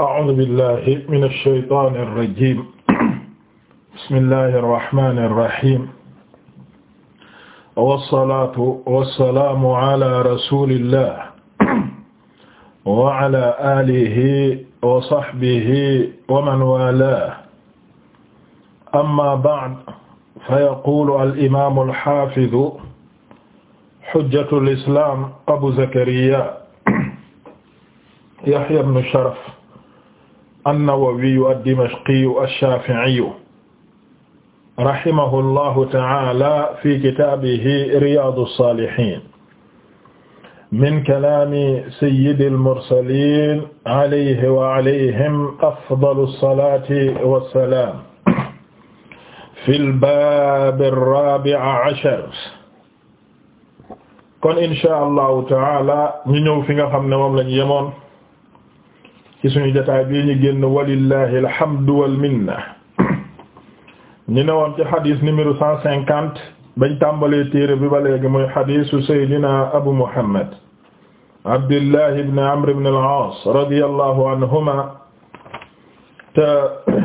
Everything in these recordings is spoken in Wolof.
أعوذ بالله من الشيطان الرجيم بسم الله الرحمن الرحيم والصلاة والسلام على رسول الله وعلى آله وصحبه ومن والاه أما بعد فيقول الإمام الحافظ حجة الإسلام أبو زكريا يحيى بن شرف an-Nawawiyu ad-Dimashqiyu ash-Shafi'iyu rahimahullahu ta'ala fi kitaabihi Riyaadu s-Saalihiin min kalaami sayyidil mursaliin alayhi wa alayhim afdalu s-salaati wa s-salaam fil baabi r-raabi'i ashar kon inshaa Allahu ta'ala ñu ñëw fi nga xam ne moom lañu yemoon ci suñu jotaay bi ñu génn walillahi alhamdu wal minna ñu ne woon ci xadis numéro cent cinquante bañ tàmbalee téere bi ba léegi muy xadisu saydina abu muhammad abdillah ibn amr ibn al-aas radiyallahu anhuma te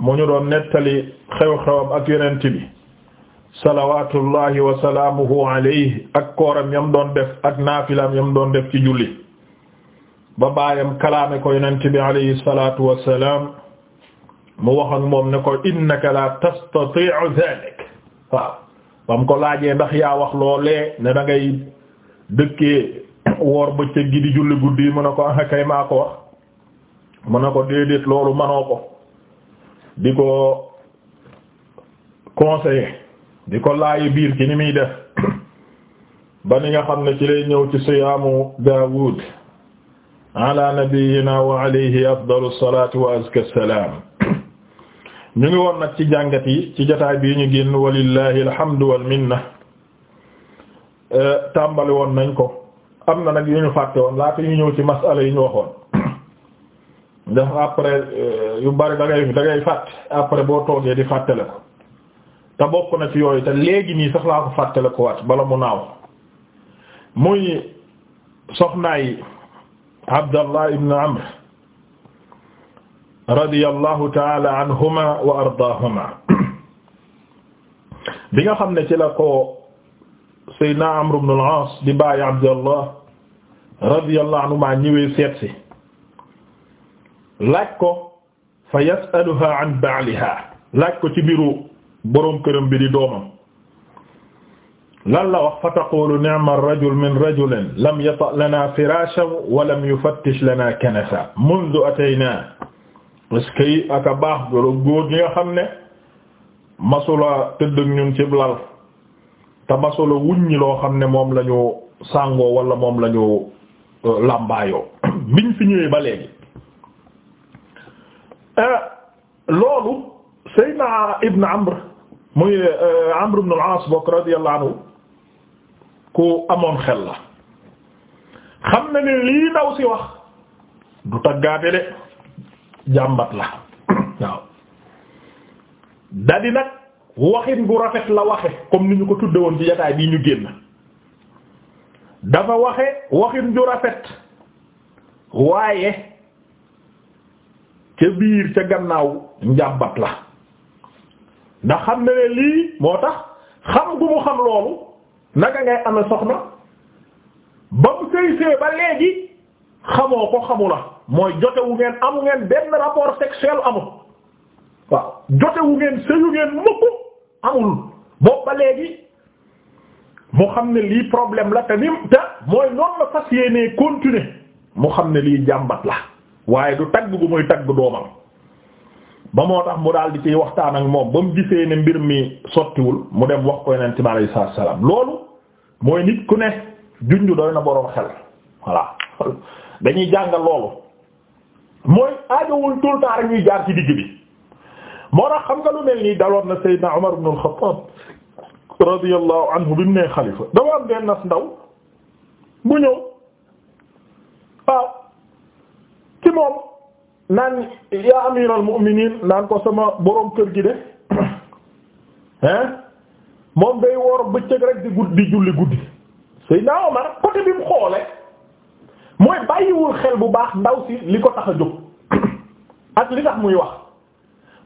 mu ñu doon nettali xew-xewam ak yonent bi salawatullahi wa salaamuhu alayhi ak kooram yam doon def ak naafilam yam doon def ci julli ba baayam kalaame ko yonent bi alayhi salaatu wassalaam mu wax moom ne ko innaka la tastati'u dhalik waaw ba mu ko laajee ndax yaa wax loolee ne da ngay dëkkee woor bëccëg gi di julli guddi mu ne ko ah kay maa ko wax mu ne ko déedéet loolu manoo ko di ko conseiller di ko laayi biir ci ni muy def ba ni nga xam ne ci lay ñëw ci siyaamu Daawud ala nabiyyina wa alayhi afdalu salaatu wa azka salaam ñu ngi woon nag ci jàngat yi ci jotaay bii ñu génn walillahi alhamdu wal minna tàmbali woon nañ ko am na nag yu ñu fàtte woon laata ñu ñëw ci masala yi ñu waxoon ndax après bari da fàtte après boo toogee di fàttale ko te bokk na ci yooyu te léegi nii sax laa ko fàttale ko waat bala mu naaw muy soxnaay Abdallah ibn Amr radiyallahu taala anhuma wa ardaahuma bi nga xam ne ci la ko Seydina Amr ibn al-Aas di bàyyi Abdallah radiyallahu anhuma ñëwee seet si laaj ko fa yas'aluha an ba'liha laaj ko ci biiru boroom këram bi di doomam lan la wax fa taqulu ni'ma rajul min rajulin lam yata lana firashan wa lam yufattish lana kanasa mundu atayna parce que yi aka baax golo góor ñi nga xam ne masula tëdd ak ñun ci lal te masula wuññi loo xam ne moom lañu sàngoo wala moom lañu euh, làmbaayoo biñ fi ñëwee ba léegi euh, loolu Seydina Ibn Amr muy euh, Amr ibn al-As bokk radiyallahu anhu ku amoon xel la xam na ne lii ndaw si wax du taggaate de jàmbat la waaw dadi nag waxin bu rafet la waxe comme ni ñu ko tudde woon ci jataay bi ñu génn dafa waxe waxin ju rafet waaye ca biir ca gannaaw njàmbat la ndax xam na ne lii moo tax xam gu mu xam loolu nag a ngay amee soxna ba mu sëy sëy ba léegi xamoo ko xamu la mooy jotewu ngeen amu ngeen benn rapport sexuel amul waaw jotewu ngeen sëyu ngeen mukk amul boobu ba léegi mu xam ne lii problème la te nim te mooy noonu la fas yéenee continuer mu xam ne lii jàmbat la waaye du tagg gu muy tagg doomam ba moo tax mu daal di ciy waxtaan ak moom ba mu gisee ne mbir mi sottiwul mu dem wax ko yonent bi alayhi salaatu salaam loolu mooy nit ku ne junju doy na boroom xel voilà dañuy jàngal loolu mooy aajowul tout le temps rek ñuy jaar ci digg bi moo tax xam nga lu mel nii daloon na Seydina Umar ibn al-Khattab radiyallahu anhu bi mu nee xalifa dafa am benn nas ndaw bu ñëw waaw ah, ci moom naan yaa amiral mu'minin naan ko sama borom kër gi de hein moom day woor bëccëg rek di guddi di julli guddi Seydina Omar côté bi mu xoole mooy bàyyiwul xel bu baax ndaw si li ko tax a jóg ak li tax muy wax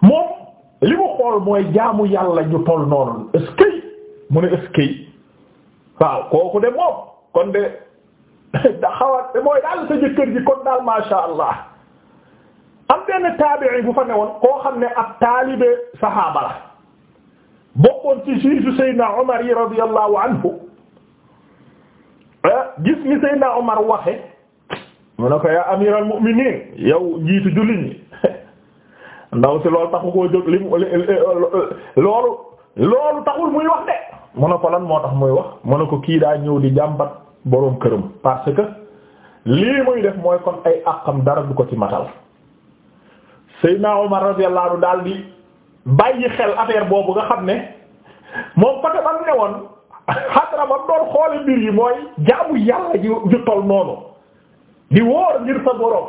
moom li mu xool mooy jaamu yàlla ñu toll noonu est mu ne est waaw kooku de moom kon de da xawaat mooy daal sa jëkkër ji kon daal masha Allah am benn taabi'i bu fa newoon koo xam ne ab taalibe saxaaba la bokkoon ci juge Seydina Omar yi radiyallahu anhu eh, gis ni Seydina Omar waxe mu ne ko yaa amiral mu'minin yow jiitu jullit ñi ndaw si loolu taxu koo jóg li loolu loolu taxul muy wax de mu ne ko lan moo tax muy wax mu ne ko kii daa ñëw di jàmbat boroom këram parce que lii muy def mooy kon ay àqam dara du ko ci matal Seydina Omar radiyallahu anhu daal di bàyyi xel affaire boobu nga xam ne moom côté ba mu ne woon xatara ba mu doon xooli mbir yi mooy jaamu yàlla ji ju toll noonu di woor ngir sa borom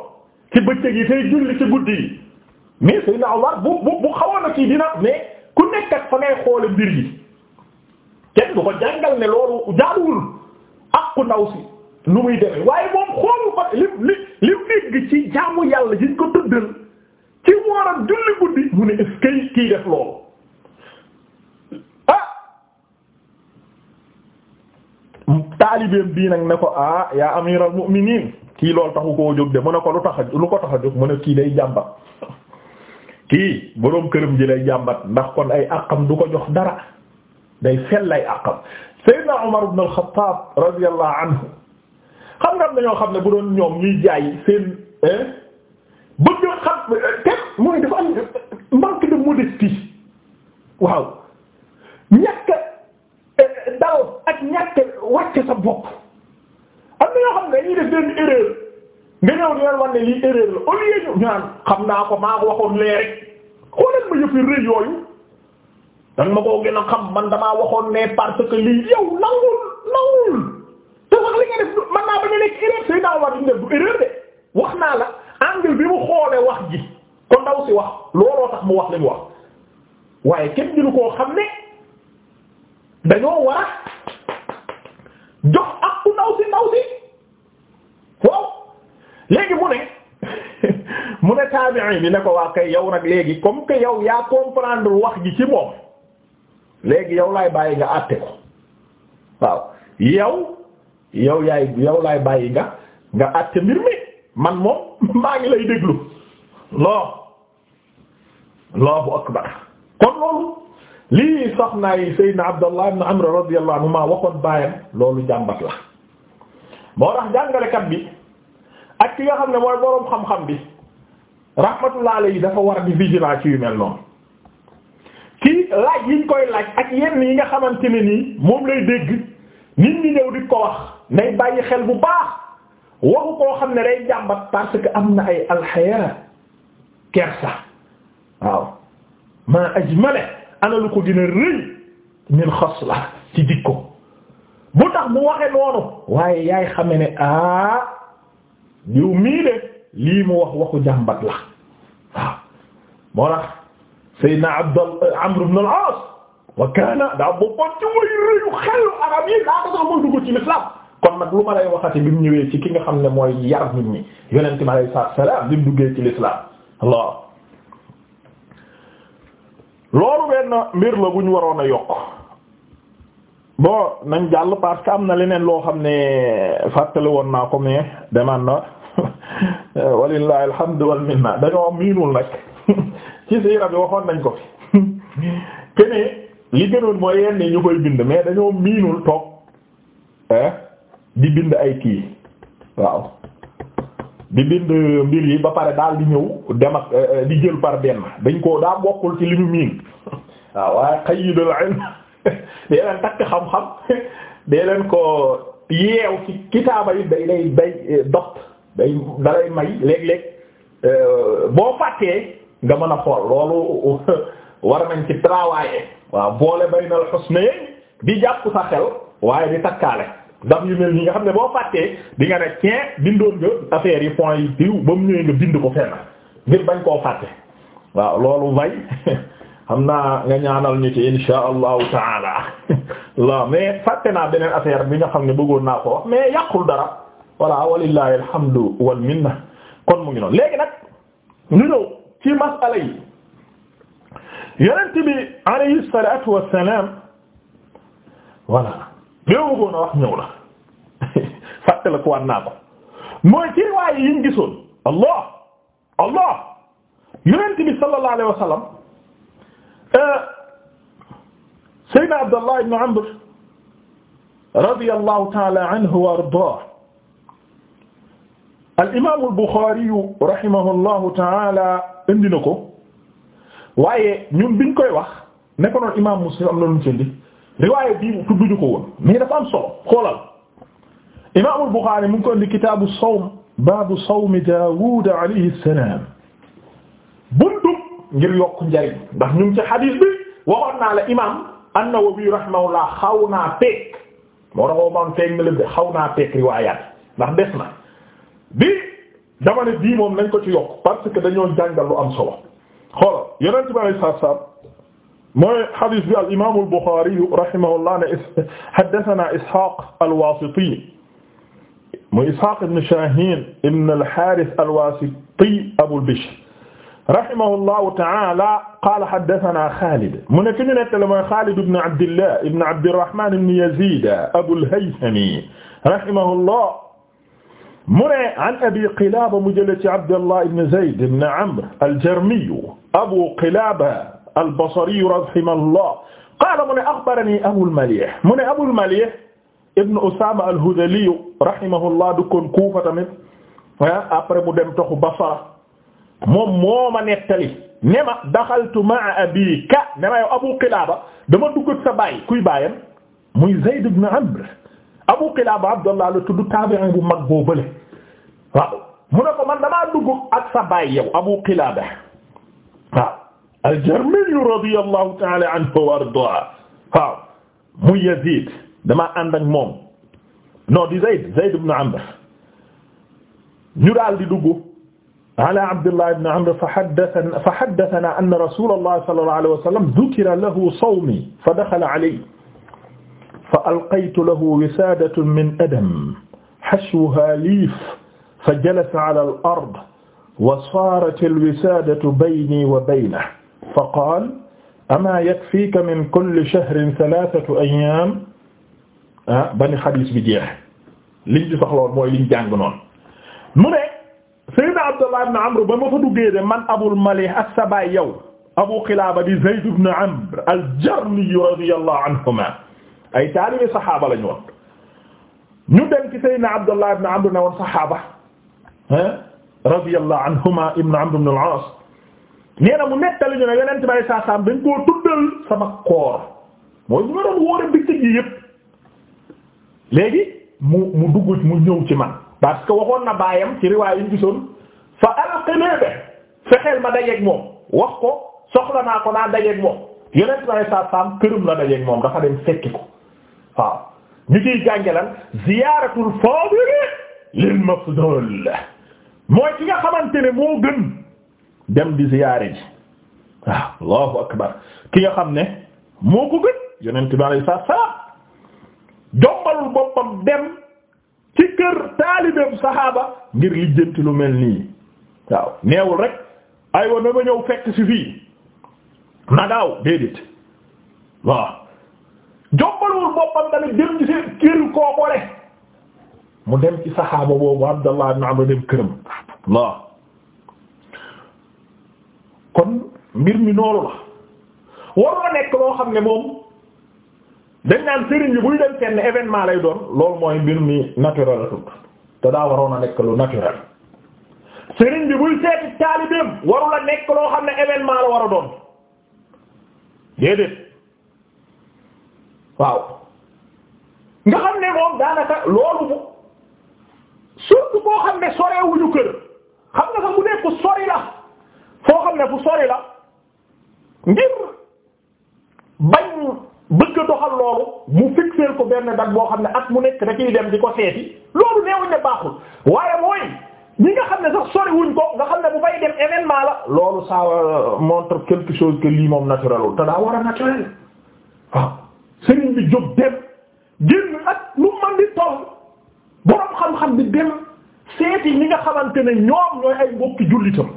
ci bëccëg yi tey julli ci guddi yi mais Seydina Omar bu bu bu xawoon na ci dina mais ku nekk ak fa ngay xooli mbir yi kenn du ko jàngal ne loolu jaaduwul àqu ndaw si nu muy demee waaye moom xoolu ko li li li mu ci jaamu yàlla jiñ ko tuddal. ki mu war a julli guddi mu ne est kii def loolu ah taalibeem bii nag ne ko ah yaa amiral mu'minin kii loolu taxu koo jóg de mu ne ko lu tax lu ko tax jóg mu ne kii day jàmbat kii boroom këram ji lay jàmbat ndax kon ay àqam du ko jox dara day fel ay àqam Seydina Umar ibn al-Khattab anhu xam nga am na xam ne bu doon ñoom ñuy jaay seen bëgg xam teg mooy dafa am manque de modestie waaw ñàkk eh, eh, daw ak ñàkk wàcc sa bopp na ñoo xam ne dañuy def benn erreur nga ñëw di leen wax ne lii xam naa ko maa ko waxoon lee rek xoolal ma yëfi rëy yooyu gën a xam man damaa waxoon ne parce que lii yow nangul nangul te naa ba ñu nekk erreur say naa war ñu de mu wax li wax waaye kenn jëlu koo xam ne dañoo war a jox ak ku ndaw si ndaw si waaw léegi mu ne mu ne taabi'i bi ne ko waa kay yow nag léegi comme que yow yaa comprendre wax gi ci moom léegi yow laay bàyyi nga àtte ko waaw yow yow yaay yow laay bàyyi nga nga àtte mbir mi man moom maa ngi lay déglu loo allahu akbar kon loolu lii soxnaa yi na Abdallah ibn Amr radiyallahu anhuma loolu jàmbat la moo tax jàngalekat bi ak ki nga xam mooy boroom xam-xam bi rahmatullah alayhi dafa war di vigilant ci yu mel noonu kii laaj yiñ koy laaj ak yenn yi nga xamante ne nii moom lay dégg nit ñi ñëw di ko wax nay bàyyi xel bu baax waxu koo xam ne day jàmbat parce que am na ay alxaya kersa waaw maa ajmale ana lu ko gën a rëy min xasla ci jikko bu tax mu waxe noonu waaye yaay xame ne ah diw mii de lii mu wax waxu jàmbat la waaw moo tax Seydina Abdul Amr ibn al-As wa kaana daa ci way rëyu xelu arab yi ko sax mooy dugg ci l'islam kon nag lu ma lay waxati bi mu ñëwee ci ki nga xam ne mooy yar nit ñi yonente mi alayhi salaam mu duggee Allah loolu benn mbir la bu ñu waroon a yokk bon nañ jàll parce que am na leneen loo xam ne fàttali woon naa ko mais demaan na walillahi alhamdu wal minna dañoo miinul nag ci siira bi waxoon nañ ko fi kene li gënoon mooy yenn ñu koy bind mais dañoo miinul toog eh, di bind ay kii waaw di bind mbir yi ba pare daal di ñëw dem ak eh, eh, di jël par benn dañ koo daa bokkul ci li ñu miin waaw waaye xayidal ilm dee takk xam-xam dee ko yeew ci kitaaba yi day day day eh, dopt day dalay may léeg-léeg boo fàttee nga mën a xool loolu war nañ ci travailler waaw boole baynal husnayn di jàpp sa xel waaye di takkaale ndax yu mel nii nga xam ne boo fàttee di nga ne tiens bindoon nga affaire yi point yi diw ba mu ñëwee nga bind ko fenn ngir bañ koo fàtte waaw loolu vay xam naa nga ñaanal ñu ci insha allahu mais fàtte naa beneen affaire bi nga xam ne bëggoon naa ko wax mais yàqul dara voilà walillahi alhamdu wal kon mu ngi noonu léegi nag ñu ñëw ci masala yi yonent bi alayhi salatu yow bëggoon a wax ñëw na fàttali ko war naa mooy ci riwaay yi gisoon allah allah yonent bi sallallahu alayhi wa sallam eh, Seydina Abdallah Amr radiyallahu ta'ala anhu wa ardaahu al imaam waaye ñun biñ koy wax ne ko noonu imaam Muslim am na riwaaya bii tudduñu ko woon mais dafa am solo xoolal imaamul Buxaari mu ngi ko indi kitaabu sawm baabu sawmi Daawuud alayhi salaam buntu ngir yokk njariñ ndax ñu ngi ci xadiis bi waxoon naa la imaam an-Nawawi rahimahullah xaw naa peek moo tax ma man feeñ la xaw naa peek riwaayaat ndax des na bi dama ne bii moom nañ ko ci yokk parce que dañoo jàngal lu am solo xoolal yonent bi sallallahu alayhi wasallam mooy xadis bi al imaamul Buxaari rahimahullah ne haddasanaa Isxaaq al-Waasiti muy Isxaaq ibn Shaahiin ibn al-Haaris al-Waasiti Abul Bishr rahimahullahu ta'aala qaala haddasanaa Xaalid mu nekk ñu nettali mooy Xaalid ibn Abdillah ibn Abdirrahmaan ibn Yaziid Abul Haythami rahimahullah mu ne an Abi Qilaaba mu jëlee ci Abdallah ibn Zayd ibn Amr al-Jarmi Abu Qilaaba al-Basri rahimahullah qaala mu ne axbarani Abul Malih mu ne Abul Malih ibn Usaama al-Hudhali rahimahullah dëkkoon Kuufa tamit ah après mu dem toxu Basra moom moo ma nettali ne ma daxaltu ma'a abika ne ma yow Abu Qilaaba dama dugg sa baay kuy baayam muy Zayd ibn Amr Abu Qilaaba Abdallah la tudd taabi'in bu mag boo bële waaw mu ne ko man damaa dugg ak sa baay yow Abu Qilaaba waaw. al-Jarmani radiyallahu ta'ala anhu wa ardaa waaw mu Yazid damaa ànd ak moom non di Zayd Zayd ibn Amr ñu daal di dugg ala Abdullah ibn Amr fa haddathanaa fa haddathanaa anna rasulallah sallallahu alayhi wa sallam dhukira lahu sawmi fa dakhala alayya fa alqaytu lahu wisaadatun min adam hashwuhaa liif fa jalasa ala al-ard wa saarat al-wisaadatu bayni wa baynahu faqaal amaa yakfiika min kulli shahrin thalathatu ayyaam ah ba ni xadiis bi jeex liñ ci soxloon mooy liñ jàng noonu mu ne Sayyidina Abdullah ibn Amr ba ma fa duggee de man Abul Malih as-Sabaay yow Abu Qilaaba di Zayd ibn Amr al-Jarmi radiyallahu anhuma ay taalibi saxaaba lañu woon ñu dem ci Sayyidina Abdullah ibn Amr ne woon saxaaba ah radiyallahu anhuma ibn Amr ibn al-Aas nee na mu nettali ñu ne yonent bay saasaam dañ koo tuddal sama koor mooy ñu ma doon wóor a bëccëg yi yëpp léegi mu mu dugg mu ñëw ci man parce que waxoon na baayam ci riwaay yi ñu gisoon fa alqinebe fexeel ma dajeek moom wax ko soxla naa ko naa dajeek moom yonent bay saasaam kërum la dajeek moom dafa dem fekki ko waaw ñu ciy jàngelan ziyaaratul faadili lil mafdul mooy ki nga xamante ne moo gën dem di ziyaare ji waaw allahu akbar ki nga xam ne moo ko gën yonent bi alay saa saa jombalul boppam dem ci kër taalibeem saxaaba ngir lijjanti lu mel nii waaw neewul rek aywa na ma ñëw fekk ci fii na gaaw déedéet waaw jombalul boppam dana dem ci seen kër kookole mu dem ci saxaaba boobu abdallah ibn amr dem këram waaw kon mbir mi noolu la war nekk loo xam ne moom dañ naan sëriñ bi buy dem fenn événement lay doon lool mooy mbir mi naturel la tudd te daa waroon a nekk lu naturel sëriñ bi buy seeti taalibeem waru nekk loo xam ne événement la war a doon déedéet waaw nga xam ne moom daanaka loolu mu surtout koo xam ne sorewuñu kër xam nga sax mu nekk sori la foo xam ne fu sori la ngir bañ bëgg a doxal loolu mu fixer ko benn date boo xam ne at mu nekk da ciy dem di ko seeti loolu neewuñ ne baaxul waaye mooy ñi nga xam ne sax sori wuñ ko nga xam ne bu fay dem événement la loolu ça euh, montre quelque chose que lii moom naturel te daa war a naturel waaw ah, sëriñ seeti ñi nga xamante ne ñoom ñooy ay mbokki jullitam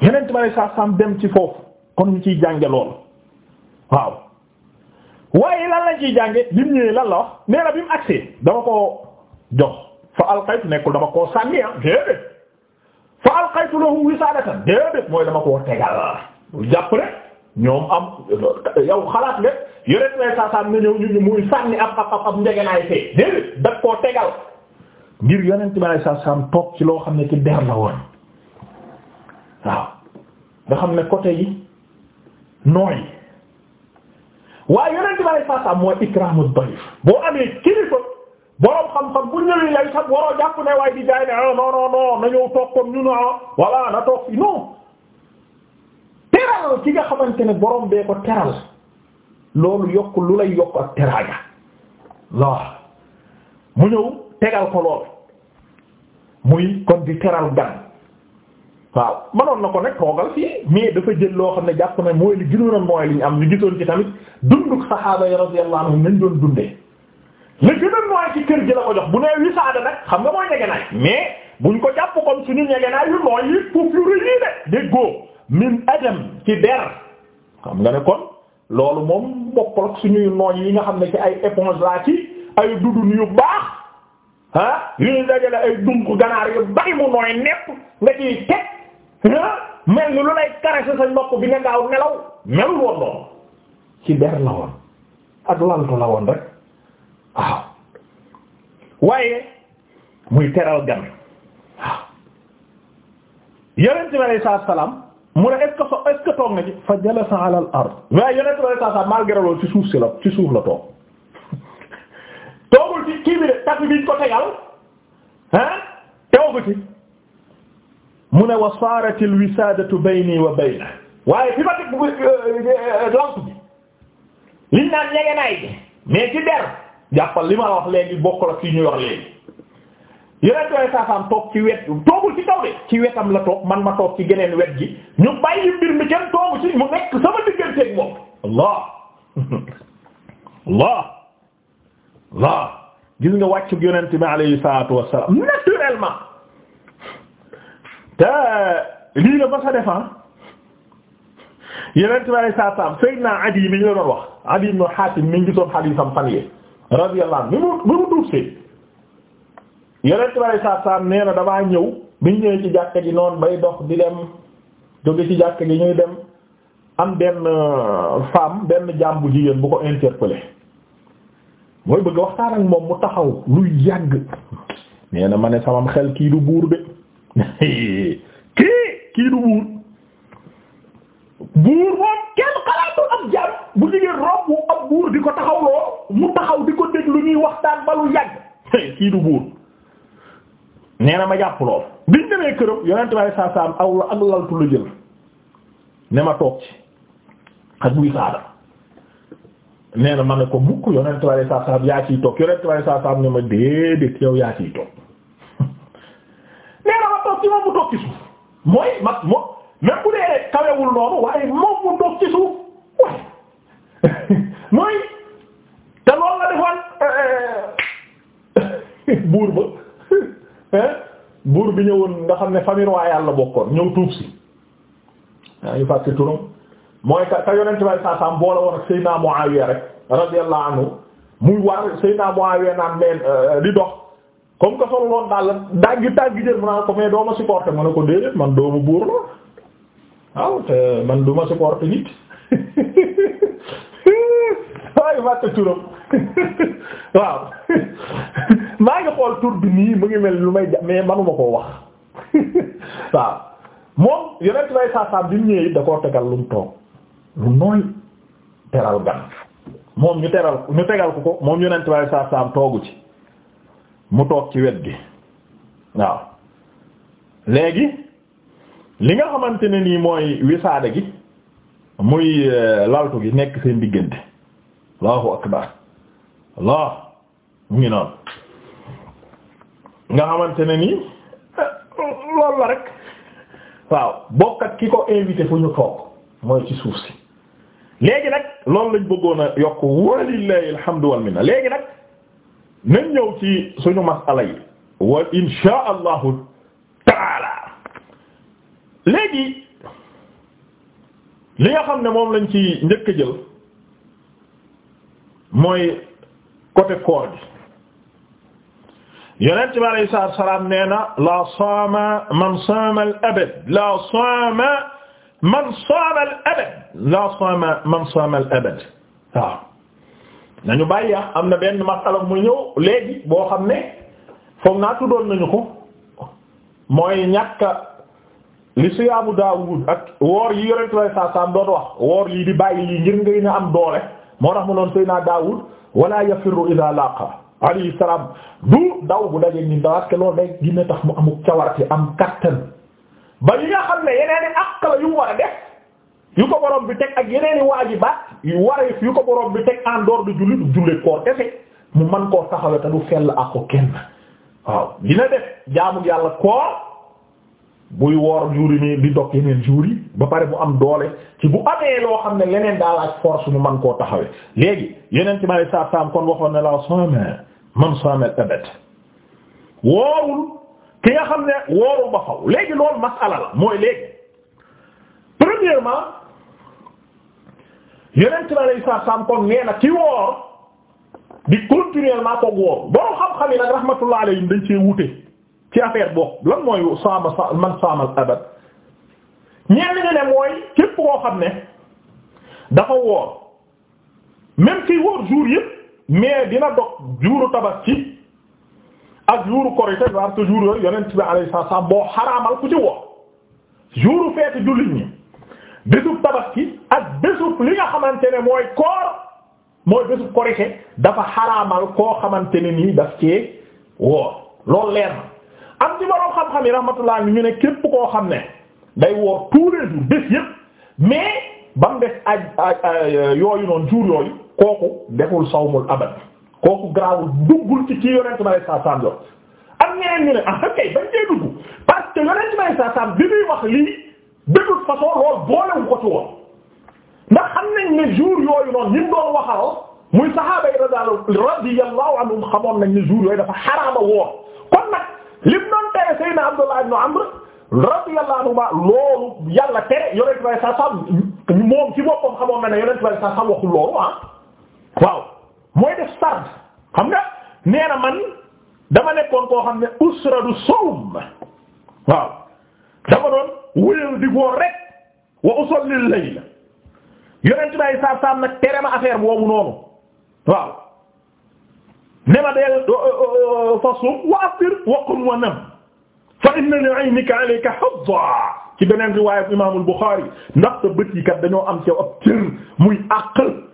yeneen ci bari saa saam dem ci foofu kon ñu ciy jànge lool waaw waaye lan lañ ciy jànge bi mu ñëwee lan la wax nee na bi mu agsee dama koo jox fa alqaytu nekkul dama koo sànni ah déedéet fa alqaytu lahu koo tegal xalaat nga yeneen saa saam nga ñëw da koo tegal ngir yeneen ci bari saa saam toog ci loo xam ne ci der la woon waaw nga xam ne côté yi nooy waaye yonent bi alay saa saa mooy ikraamud dayf boo amee kilifa boroom xam-xam bu ñëwee lay sax waroo jàpp ne waaye di jaay ne ah na ñëw toog comme ñu ne ah na toog fi non teral ki nga xamante ne boroom bee ko teral loolu yokk lu lay yokk ak teraanga waaw mu ñëw tegal ko lool muy kon di teral gan. waaw manoon na ko nag toogal fii mais dafa jël loo xam ne jàpp nañ mooy li gënoon a nooy li ñu am ñu gisoon ci tamit dunduk saxaaba yi radiyallahu anhum nañ doon dundee la gën a nooy ci kër gi la ko jox bu nee wisaada nag xam nga mooy ñegenaay mais buñ ko jàpp comme suñu ñegenaay yu nooy yi foofu yu rëy de déggoo min adam ci der xam nga ne kon loolu moom bokkal suñuy nooy yi nga xam ne ci ay éponge laa ci ay dudun yu baax ah yu ñu dajale ay dunk ganaar yu bari mu nooy nepp nga ciy teg mel ni lu lay caressé sa nopp bi nga gaaw nelaw melul woon noonu ci der la woon ak lantu la woon rek waaw waaye muy teral gan waaw yonent bi alayhi salaam mu ne est-ce que est-ce que toog na ci fa jalasa ala al ard waaye yonent bi alayhi salaam malgré loolu ci suuf si la ci suuf la toog toogul ci kii bi de tapis biñ ko tegal ah teewagu ci mu ne wa saarat al wisaadatu bayni wa bayna waaye fi ma teg euh, euh, lamp bi naan ñegenaay bi mais ci der jàppal li ma wax léegi bokkul ak fi ñu wax léegi yeneen tooy saasaam toog ci wet toogul ci wetam la toog man ma toog ci geneen wet gi ñu bàyyi mbir mi kenn toogu ci mu nekk sama digganteeg moom allah allah waaw gis nga wàccug yonent bi alayhi salaatu wassalaam naturellement te lii la ma sa defan ah. yonent bi alayhi salaatu wassalaam Adi mi ñu la wax Adi mi ngi gisoon hadiisam fan yee radiyallahu anhu mi mu mi mu duuf see yonent bi alayhi salaatu wassalaam na damaa ñëw bi ñu ñëwee ci jàkka ji noonu bay dox di dem jóge ci jàkka ji ñuy dem am benn euh, femme benn jaam bu jigéen bu ko interpellé mooy bëgg waxtaan ak moom mu taxaw lu yàgg nee ma ne samam xel kii du buur de kii kii du buur buur moom kenn xalaatul ab jàmm bu jigéen rob ab buur di ko taxaw loo mu taxaw di ko déglu ñuy waxtaan ba lu yàgg kii du buur nee na ma jàpp lool biñ demee këram yonent bi saa saa ak laltu la jël ne ma toog ci ak buy nee na ma ne ko mukk yonent bi alayhi salaam yaa ciy toog yonent bi alayhi salaam ne ma déedéet yow yaa ciy toog nee ma toog ci moom mu toog ci suuf mooy te loolu la defoon eh, eh, buur ba eh, buur bi ñëwoon nga xam ne famille yàlla la bokkoon ñëw tuub si yaa ngi fàtte turam mooy ka ka yonent bay saa saam boole woon ak Seydina Muawiya rek radiyallahu anhu muy war Seydina Muawiya naan meen euh, di dox comme que solo loon daal dàggi dàggi jël mu naan ko mais doo ma supporté ma ne ko déedéet man doomu buur la te man du ma supporté nit waaye fàtte turam waaw ngi xool tur bi nii mu ngi mel ja mais manuma koo wax waaw moom yonent bay saa bi mu ñëwee da koo tegal lu mu toog lu nooy teral gan moom ñu teral ñu tegal ko ko moom yonent baay saa saam toogu ci mu toog ci wet gi waaw léegi li nga xamante ne nii mooy wisaada gi muy eh, laltu gi nekk seen diggante allahu akbar allah mu ngi noonu nga xamante ne nii eh, loolu la rek waaw bokkat ki ko invité fu ñu toog mooy ci suuf si léegi nag loolu lañ bëggoon a yokk walillahi alhamdu wal minna léegi nag nañ ñëw ci suñu masala yi wa taala léegi li nga xam ne moom lañ ci njëkk a mooy côté koor gi yonent bi alayhi salaam nee na la saama man saama al la saama man saama al abad la man saama al abad nañu bàyyi ah, am na benn masala mu ñëw léegi boo xam ne foog naatu tuddoon nañu ko mooy ñàkk li siyaamu Daawud ak woor yi yore lay saa saa wax woor lii di bàyyi lii ngir ngay na am doole moo tax mu noon sëy naa Daawud wala yafirru ila laqa alayhi salaam du daw bu daje ñu dawaat ke loolu day gën a tax mu amuk am kattan. ba yi xam ne yeneen i àq la yu war a def yu ko borom bi teg ak yeneen i waajibaat yu war yu ko borom bi teg en dehors de jullit jullit koor kese mu man koo taxawee te du fell ak ko kenn waaw dina def jaamu yàlla koor buy woor jour yi nii di dog yeneen jour ba pare mu am doole ci bu amee loo xam ne leneen daal ak force mu man koo taxawee léegi yeneen ci ma ne saa saam kon waxoon ne la soome man soome abad woorul ki nga xam ne wooru ba faw léegi lool masala la mooy léegi premièrement yeneen la lay sa sam kon nee na ki woor di continuellement ko woor boo xam-xam yi nag rahmatullah alayhim dañ cee wute ci affaire bokk lan mooy saama sa man saamal abad ñeen ñi ne mooy képp koo xam ne dafa woor même ki woor jour yëpp mais dina dog juuru tabaski ak jouru korite war te jour yooyu yonent bi alayhi salaam boo xaraamal ku ci woo jouru feeti jullit ñi bésub tabaski ak bésub li nga xamante ne mooy koor mooy bésub korite dafa xaraamal koo xamante ne nii daf cee woor loolu leer na am ci borom xam-xam yi rahmatullah ñu ne képp koo xam ne day woor tous les jours bés mais ba mu des aj yooyu noonu jour yooyu kooku deful sawmul abad kooku garaawul duggul ci ci yonent bi saa saam yoon am ñeneen ñu ne ah kay bañ cee dugg parce que yonent bi saa saam bi muy wax ko ci woon ndax xam ne jour yooyu noonu ñi doon waxal muy saxaaba yi radiyallahu anhum xamoon nañ ne jour yooyu dafa xaraama woon kon nag lim doon tere Abdullah ibn Amr radiyallahu anhuma loolu yàlla tere yonent bi saa saam moom ci boppam xamoon na ne yonent bi saa saam waxul loolu ah waaw. mooy def sard xam nga nee na man dama nekkoon koo xam ne usra du sawm dama doon wéyal di góor rek wa usalli layla yonent bi ay saa saam nag tere affaire boobu noonu waaw ne ma deel fa sum wa aftir wa qum wa nam fa inna li aynika alayka hadda ci beneen riwaaya imaamul Buxaari ndax sa bët yi kat dañoo am ci ab muy àqal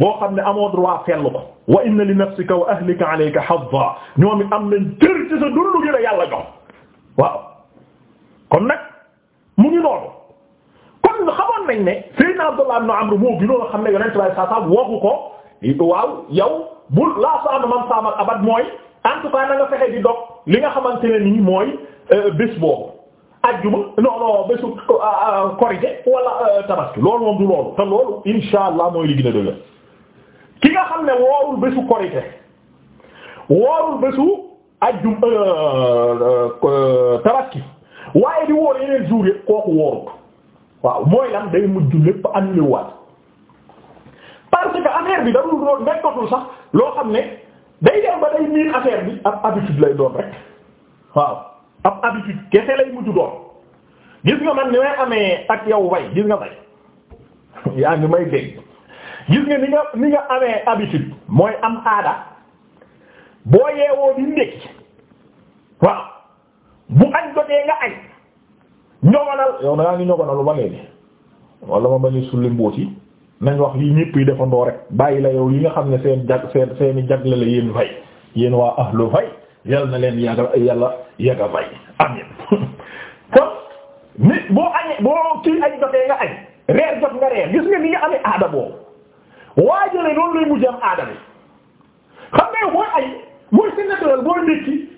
boo xam ne amoo droit fell ko wa inna li nafsika am nañ cër ci sa la yàlla waaw kon mu ngi noonu kon xamoon nañ ne sayyidina Abdullah ibn Amr moo gënoon a xam ne yonent sallallahu alayhi wasallam ko waaw yow bul laa saama abad mooy en tout cas na nga dog li nga xamante ne mooy euh, bés boobu ajjuma non non euh, euh, korite wala tabaski loolu moom du loolu te mooy li gën ki nga xam ne woorul bésu korite woorul bésu ajjum euh, euh, euh, tabaski waaye di woor yeneen jours yëpp kooku woorut waaw mooy lan day mujj lépp annulé waat parce que affaire bi dadul doon nekkatul sax loo xam ne day dem ba day miin affaire bi ab habitude lay doon rek waaw ab habitude kese lay mujj doon gis nga man ni may amee ak yow way gis nga may yaa ngi may dégg gis nga ni nga ni nga amee habitude mooy am aada boo yeewoo di ndékki waaw bu añ jotee nga añ ñogonal yow na ngi ñogonal lu ba ngee ni wala ma bañu sulli mbóot yi nañ wax yi ñépp defandoo rek bàyyi la yow yi nga xam ne seen jag seen seeni jagle la yéen fay yéen waa ahlu fay yal na leen yàgg yàlla yàgg fay amin kon nit boo añee boo kii añ jotee nga añ reer jot nga reer gis nga ni nga amee aada boobu waajale noonu lay mujj am aadama xam nga mooy ay mooy si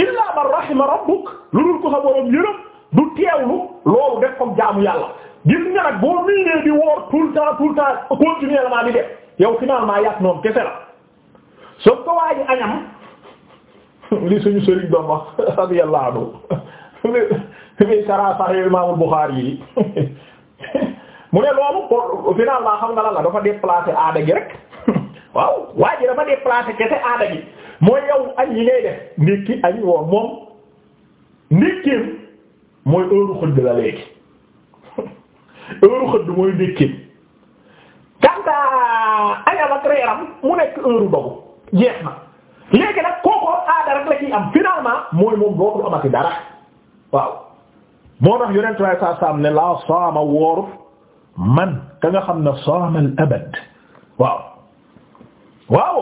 illaa man rahima rabbuk lu dul ko sa borom yërëm du teewlu loolu def jaamu yàlla gis nga nag boo miinee di woor tout le temps tout le temps continuellement di def yow finalement yàq noonu kese soo ko waaji añam li suñu sëriñ doon wax radiyallahu anhu fi fi sara sahih imam al-Bukhari yi mu ne loolu ko finalement xam nga lan la dafa déplacé aada gi rek waaw waa ji dafa déplacé kese aada gi mooy yow añ yi ngay def ndékki añ woon moom ndékkeem mooy heure xëdd la léegi heure xëdd mooy ndékkeem kanta añam ak reeram mu nekk heure dogu jeex na léegi nag kooku aada rek la ciy am finalement mooy moom dootul amati dara waaw moo tax yonent sallallahu alayhi wasallam ne la saama wooru man ka nga xam na saamal abad waaw waaw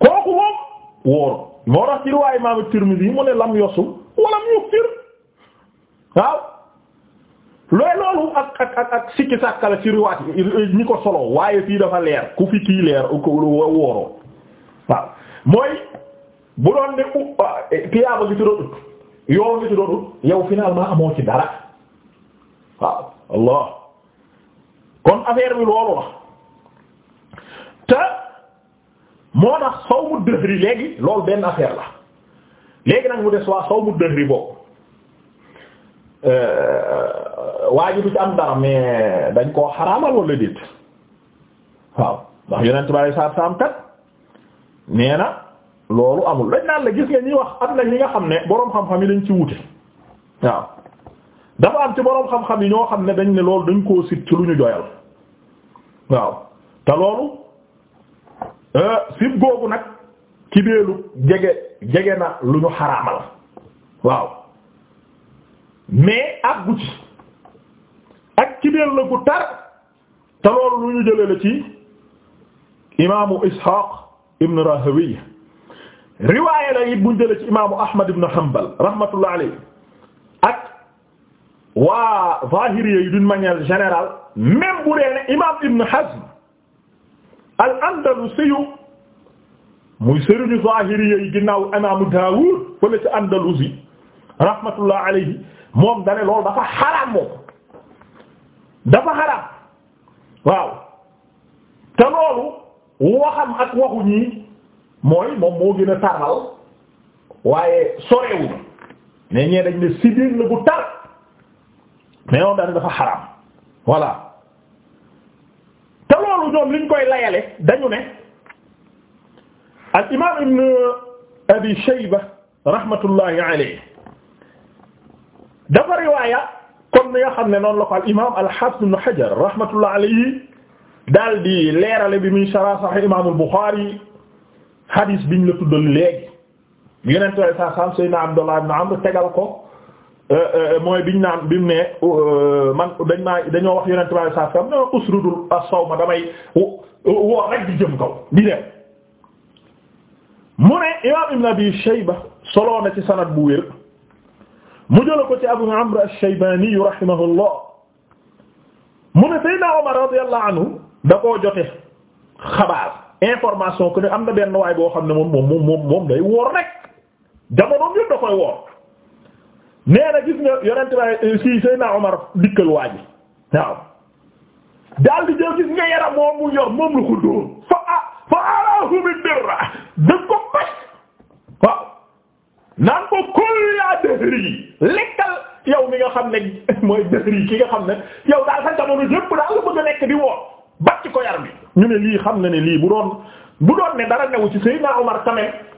kooku moom wóoru moo tax ci riwaaya imaam Tirmidhi mu ne lam yosu walam yuftir waaw loolu ak ak ak ak sikki sàkkala ci riwaat ñi ko solo waaye fii dafa leer ku fi kii leer wóoroo waaw mooy bu doon ne u ah, eh, gi ci yoo ngi ci doon ut yow finalement ci dara waaw allah kon affaire bi loolu la te moo tax sawmu dëhri léegi loolu benn affaire la léegi nag mu des waa sawmu dëhri boobu euh, waa ji du am dara mais dañ koo xaraamal wala déet waaw ndax yonent bi alei saatu salaam kat nee na loolu amul dañ naan la gis nga ñuy wax am na ñi nga xam ne boroom xam-xam yi dañ ci wute waaw dafa am ci boroom xam-xam yi ñoo xam ne dañ ne loolu dañ koo sit ci lu ñu joyal waaw te loolu euh, sit googu nag ci deelu jege jege na lu ñu xaraamal waaw mais ak bu ci ak ci deel la gu tar te loolu lu ñu jëlee la ci imaamu Ishaq ibn Rahawiya riwaaya la it buñ jële ci imaamu Ahmad ibn Hanbal rahmatullah alayhi waa zahiriya yi d'une manière générale même bu dee ne imam Ibn Hazm al-Andalusi muy sëriñu zahiriya yi ginnaaw imaamu Daawud fële ci Andalusi rahmatullah alayhi moom dane loolu dafa xaraam moom dafa xaraam waaw te loolu waxam ak waxu ñii mooy moom moo gën a taral waaye sorewul mais ñee dañ ne sibiir la bu tar mais moom daal dafa xaraam voilà te loolu ñoom liñ koy layale dañu ne al imaam ibn abi shayba rahmatullahi alayhi dafa riwaaya comme ni nga xam ne noonu la ko al imaam al hafiz ibn hajar rahmatullahi alayhi daal di leerale bi muy sharh sahih imaam al buxaari hadis biñ la tuddal léegi yeneen saa saam sayyidina abdullah ibn amr tegal ko. Euh, euh, mooy biñ naan bi ne euh, man dañ maa dañoo wax yonent bi saa saam na usrudul as-sawma damay woor rek di jëm kaw di dem mu ne imaam ibn abi shayba soloo ci sanad bu wér mu jëla ko ci abu amr ash-shaybani rahimahullah mu ne sayyidina umar radiyallahu anhu da koo jote xabaar information que ne am na benn waay boo xam ne moom moom moom day woor rek jamonoom yëpp da koy woor nee na gis nga yonent bi si Seydina Omar dikkal waa ji waaw daal di jël gis nga yaram moom mu yor moom la ko dóor fa ah fa alaahu bi dirra da ko pes waaw naan ko kul yaa dahri yow mi nga xam ne mooy dahri ki nga xam ne yow daal sa jamono yépp daal la bëgg a nekk di woor bàcc ko yar bi ñu ne lii xam na ne lii bu doon bu doon ne dara newu ci Seydina Omar tamit